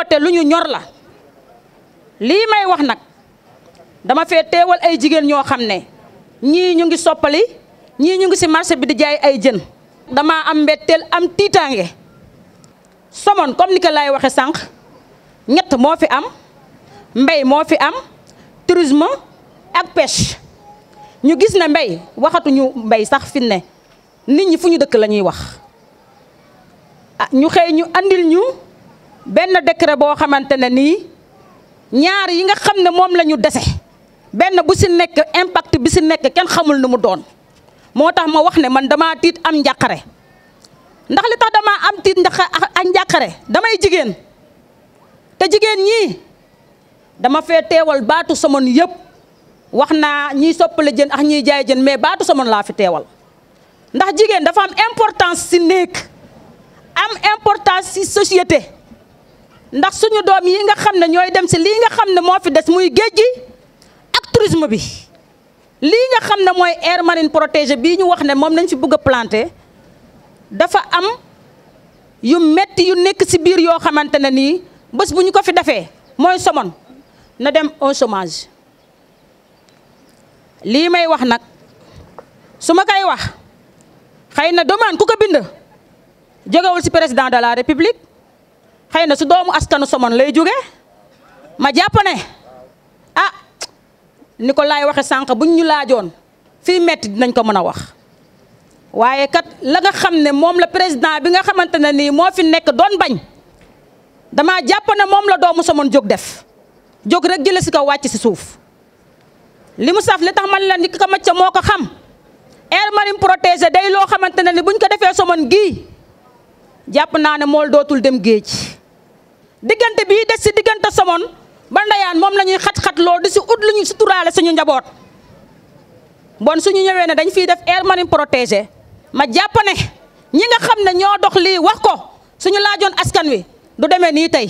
woote lu ñu ñor la lii may wax nag dama fee teewal ay jigéen ñoo xam ne ñii ñu ngi soppali ñii ñu ngi ci marché bi di jaay ay jën dama am mbetteel am tiitaange somon comme ni laay waxe sànq ñett moo fi am mbey moo fi am tourisme ak pêche ñu gis ne mbey waxatuñu mbey sax fi ne nit ñi fu ñu dëkk la ñuy wax ah, ñu xëy ñu andil ñu benn décret boo xamante ne nii ñaar yi nga xam ne moom la ñu dese benn bu si nekk impact bi si nekk kenn xamul nu mu doon moo tax ma wax ne man damaa tiit am njàqare ndax li tax damaa am tiit ndax njàqare damay jigéen te jigéen ñii dama fee teewal baatu somon yëpp wax naa ñiy soppale jën ax ñiy jaay jën mais baatu somon laa fi teewal ndax jigéen dafa am importance si néeg am importance si société ndax suñu doom yi nga xamne ñoy dem ci li nga xamne mo fi dess muy geejgi ak tourisme bi li nga xamne moy air marine protégé bi ñu wax ne mom lañ ci bëgg planter dafa am yu metti yu nekk ci biir yo xamantene ni bëss buñu ko fi dafé moy somon na dem au chômage li may wax nak suma kay wax xëy demande ku ko bind jógewul ci président de la république xëy na su doomu askanu somon lay jóge ma jàpp ne ah ni ko laay waxe sànq buñ ñu laajoon fii metti dinañ ko mën a wax waaye kat la nga xam ne moom la président bi nga xamante ne nii moo fi nekk doon bañ dama jàpp ne moom la doomu somon jóg def jóg rek jële si kaw wàcc si suuf li mu saf li tax man la ni ko macca moo ko xam air marine protégé day loo xamante ne ni buñ ko defee somon gii jàpp naa ne mool dootul dem géej diggante bii des si diggante Somone ba Ndayane moom la ñuy xat-xat lool di si ut lu ñu suturaale suñu njaboot bon suñu ñëwee ne dañ fiy def aire marine protégée ma jàppane ñi nga xam ne ñoo dox lii wax ko suñu laajoon askan wi du demee nii tey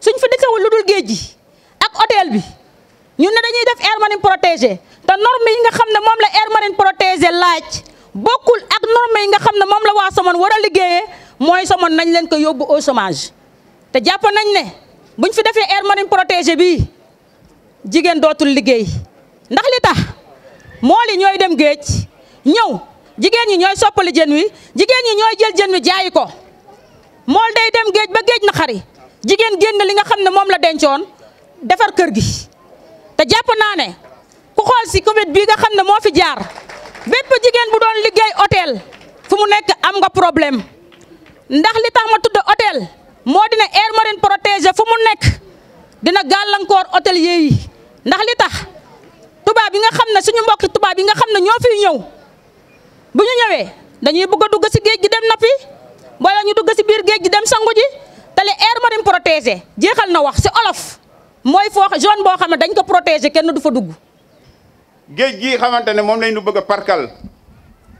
suñ fi dëkkewul lu dul géej gi ak hôtel bi ñun ne dañuy def aire marine protégé te norme yi nga xam ne moom la aire marine protégée laaj bokkul ak norme yi nga xam ne moom la waa Somone war a liggéeyee mooy Somone nañ leen ko yóbbu au chômage te jàpp nañ ne buñ fi defee aire marine protégée bii jigéen dootul liggéey ndax li tax mool yi ñooy dem géej ñëw jigéen ñi ñooy soppali jën wi jigéen ñi ñooy jël jën wi jaayi ko mool day dem géej ba géej na xari jigéen génn li nga xam ne moom la dencoon defar kër gi te jàpp naa ne ku xool si Covid bii nga xam ne moo fi jaar bépp jigéen bu doon liggéey otel fu mu nekk am nga problème ndax li tax ma tudd hôtel moo dina air marine protégé fu mu nek dina gàllankoor hôtel yi ndax li tax tuba bi nga xamne suñu mbokk tuba bi nga xamne ñofi ñew bu ñu dañuy bëgg dugg si geej gi dem nappi wala ñu dugg si bir geej gi dem sangu ji te air marine protégé jéxal na wax ci olof moy fo jaune bo xamne dañ ko protégé kenn du fa dugg. geej gi xamantene mom lañ ñu bëgg parkal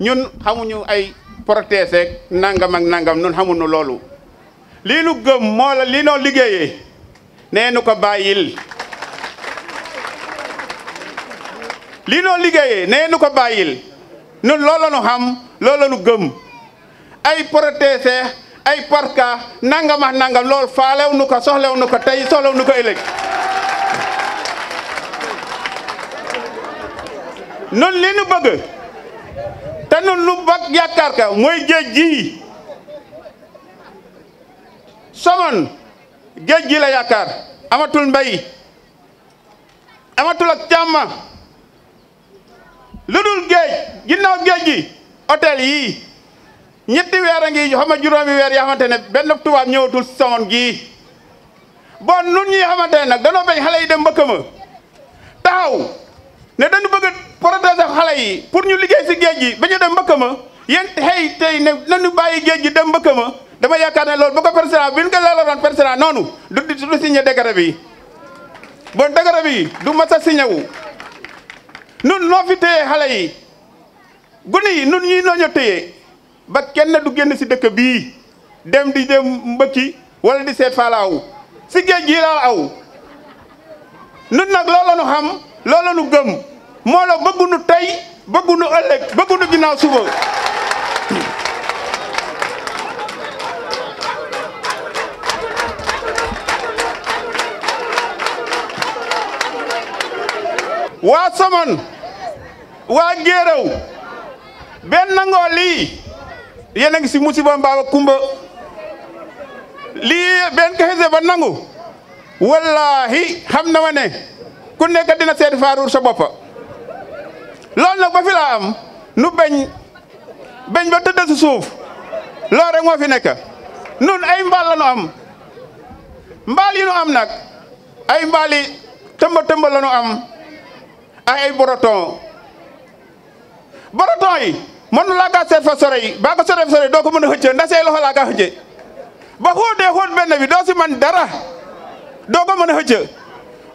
ñun xamuñu ay protégé nangam ak nangam ñun xamuñu loolu. lii nu gëm moo la li noo liggéeyee nee nu ko bàyyil lii noo liggéeyee nee nu ko bàyyil nun loola nu xam gëm ay protésé ay parka nangam ak nangam lool faalew nu ko soxlew nu ko tey soxlew nu ko ëllëg nun li nu bëgg te nun lu bëgg yaakaar ka mooy somoon géej gi la yaakaar amatul mbay amatul ak càmm lu dul géej ginnaaw géej gi hôtel yii ñetti weer a ngi xam nga juróomi weer yoo xamante ne benn tubaab ñëwatul somoon gii bon nun ñi xamante ne nag yi dem mbëkk ma taxaw ne dañu bëgg a protéger xale yi pour ñu liggéey si géej gi ba dem mbëkk ma yéen xëy tey ne nañu bàyyi géej gi dem mbëkk ma dama yaakaar ne loolu bu ko président bi ñu ko leeraloon président noonu du du signé décret bi bon décret bi du mas a nun noo fi téye xale yi gune yi nun ñii noo téye ba kenn du génn si dëkk bii dem di dem mbëkki wala di seet faala aw si géej gii laa aw nun nag loolu nu xam loolu nu gëm moo la bëgguñu tey bëgguñu ëllëg bëgguñu ginnaaw suba waa Somone waa Géeraw benn nangoo lii yéen si musiba mbaaba kumba lii benn kese ba nangu wallahi xam na ma ne ku nekk dina seeti faaruur sa boppa loolu nag ba fi laa am nu beñ beñ ba tëdd si suuf loolu moo fi nekk nun ay mbaal la am mbaal yi nu am nag ay mbaali tëmba tëmba la am ay boroton boroton yi mënu laa kaa seet fa sore yi baa ko fa sore doo ko mën a xëcce ndax say loxo laa kaa xëcce ba xóotee xóot benn bi doo si man dara doo ko mën a xëcce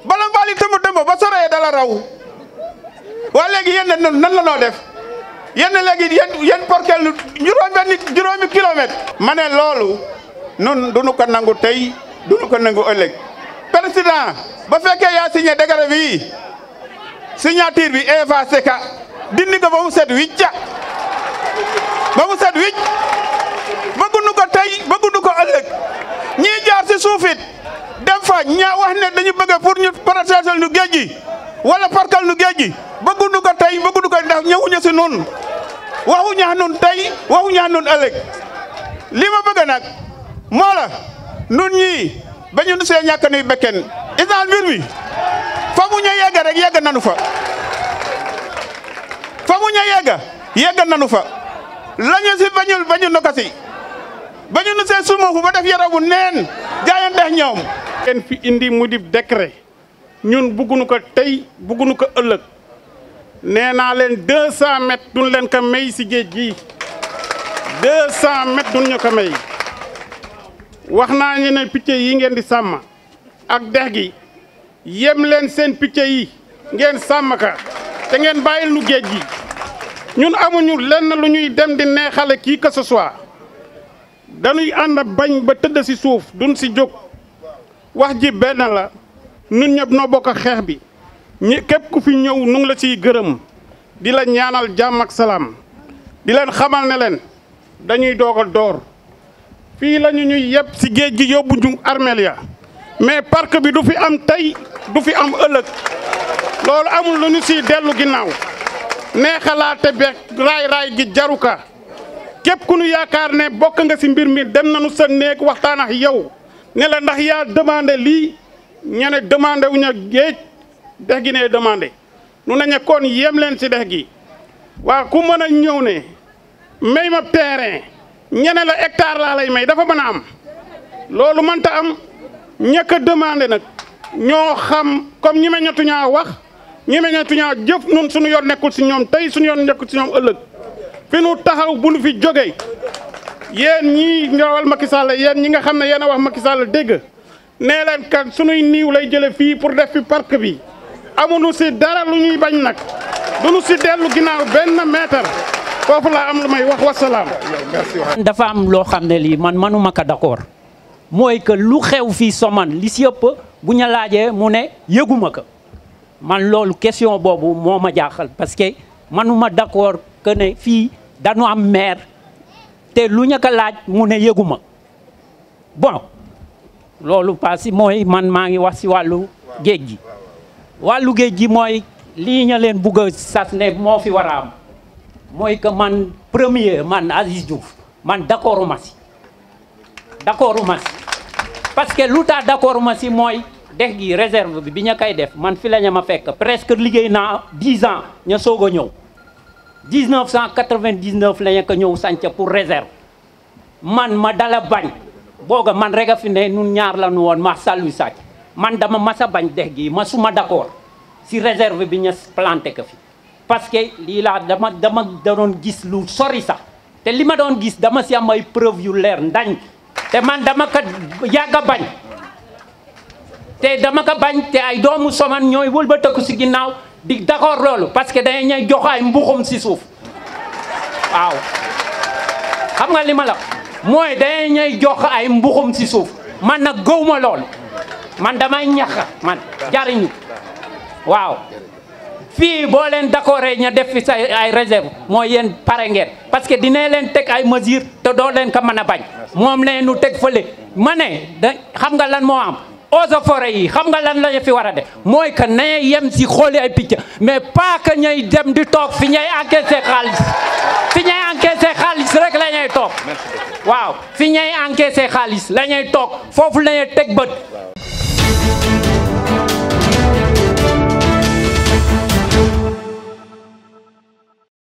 bala tëmb tëmb ba soree dala raw waa léegi yéen nan la noo def yéen léegi yéen yéen porkel nu juróom benn juróomi kilomètre ma ne loolu nun duñu ko nangu tey duñu ko nangu ëllëg président ba fekkee yaa signé décret bi signature bi Eva Seka dindi ko ba mu set wicca ba mu set wicc bëgguñu ko tey bëgguñu ko ëllëg ñii jaar si suufit dem fa ñaa wax ne dañu bëgg pour ñu protéger nu géej gi wala parkal nu géej gi bëgguñu ko tey bëgguñu ko ndax ñëwuñu si nun waxuñu xa nun tey waxuñu xa nun ëllëg li ma bëgg nag moo nun ñii ba ñu nu see nuy bekken isaan mbir mi fa mu ñu yegg rek yegg nanu fa fa mu ñu nanu fa lañu si bañul bañu na ko si bañu nu see sumaxu ba def yaragu neen jaayanteex ñoom kenn fi indi mu dib décret ñun buggunu ko tey buggunu ko ëllëg nee naa leen deux cent leen ko may si géej gi deux cent mètres duñ ko may wax naa ñu ne picc yi ngeen di sàmm ak dex gi yem leen seen picc yi ngeen sàmmaka te ngeen bàyyi lu géej gi ñun amuñu lenn lu ñuy dem di neexale kii que dañuy ànd bañ ba tëdd ci suuf duñ si jóg wax ji benn la ñun ñëpp noo bokk xeex bi ñi képp ku fi ñëw nu la ciy gërëm di la ñaanal jàmm salaam di leen xamal ne leen dañuy doog a door fii lañu ñuy yëpp ci géej gi yóbbu ñu armeel ya mais parc bi du fi am tey du fi am ëllëg loolu amul lu ñu siy dellu ginnaaw neexalaate beeg raay raay gi jaruka képp ku nu yaakaar ne bokk nga si mbir mi dem nañu sa néeg waxtaan ak yow ne la ndax yaa demandé lii ña ne demandé wu ñu géej dex gi ne demandé nu nañu kon yem leen si dex gi waa ku mën a ñëw ne may ma terrain ñene la hectare laa lay may dafa mën a am loolu mënta am. ña demandé nak ño xam comme ñi meññatu ñaa wax ñi meññatu ñaa jëf ñun suñu yoon nekkul ci ñom tay suñu yoon nekkul ci ñom ëlëk fi nu taxaw bu nu fi joggé yeen ñi ñoowal Macky Sall yeen ñi nga xam ne wax Macky Sall dégg né leen kan suñu niw lay jëlé fi pour def fi parc bi amunu si dara lu ñuy bañ nag duñu si déllu ginaaw ben mètre fofu la am lu may wax wasalaam dafa am lo xamné li man manuma ka d'accord mooy que lu xew fii Somone li si bu ñu laajee mu ne yëguma ko man loolu question boobu moo ma jaaxal parce que manuma d'accord que ne fii dañu am maire te lu ñu ko laaj mu ne yëguma bon loolu parce mooy man maa ngi wax si wàllu géej gi wàllu géej gi mooy lii ña leen bugg a sas ne moo fi war a am mooy que man premier man Aziz Diouf man d'accorduma si d'accorduma si parce que lu tax d'accord ma si mooy dex gi réserve bi bi ña koy def man fi la ñu ma fekk presque liggéey naa 10 ans ña soog a ñëw 1999 la ñu ko ñëw sànca pour réserve man ma dala bañ booga man rek a fi ne nun ñaar la nu woon ma sàllu sàcc man dama masa bañ dex gi ma suma d'accord si réserve bi ña planté ko fi parce que lii laa dama dama da doon gis lu sori sax te li ma doon gis dama si am ay preuve yu leer ndañ te man dama ko yàgg a bañ te dama ko bañ te ay doomu Soman ñooy wëlbatiku si ginnaaw di d'accord loolu parce que dañuy ñay jox ay mbuxum si suuf waaw xam nga li ma la mooy dañuy ñay jox ay mbuxum si suuf man na gëwma loolu man damay ñax man jariñu waaw fii boo leen d'accord ña def fi say ay réserve mooy yéen pare ngeen parce que dina leen teg ay mesures te doo leen ko mën a bañ moom leen nu teg fële ma ne da xam nga lan moo am eaux et xam nga lan la fi war a def mooy que na yem si xooli ay picc mais pas que ñay dem di toog fi ñay encaissé xaalis fi ñay encaissé xaalis rek la ñuy toog waaw fi ñay encaissé xaalis lañuy toog foofu la teg bët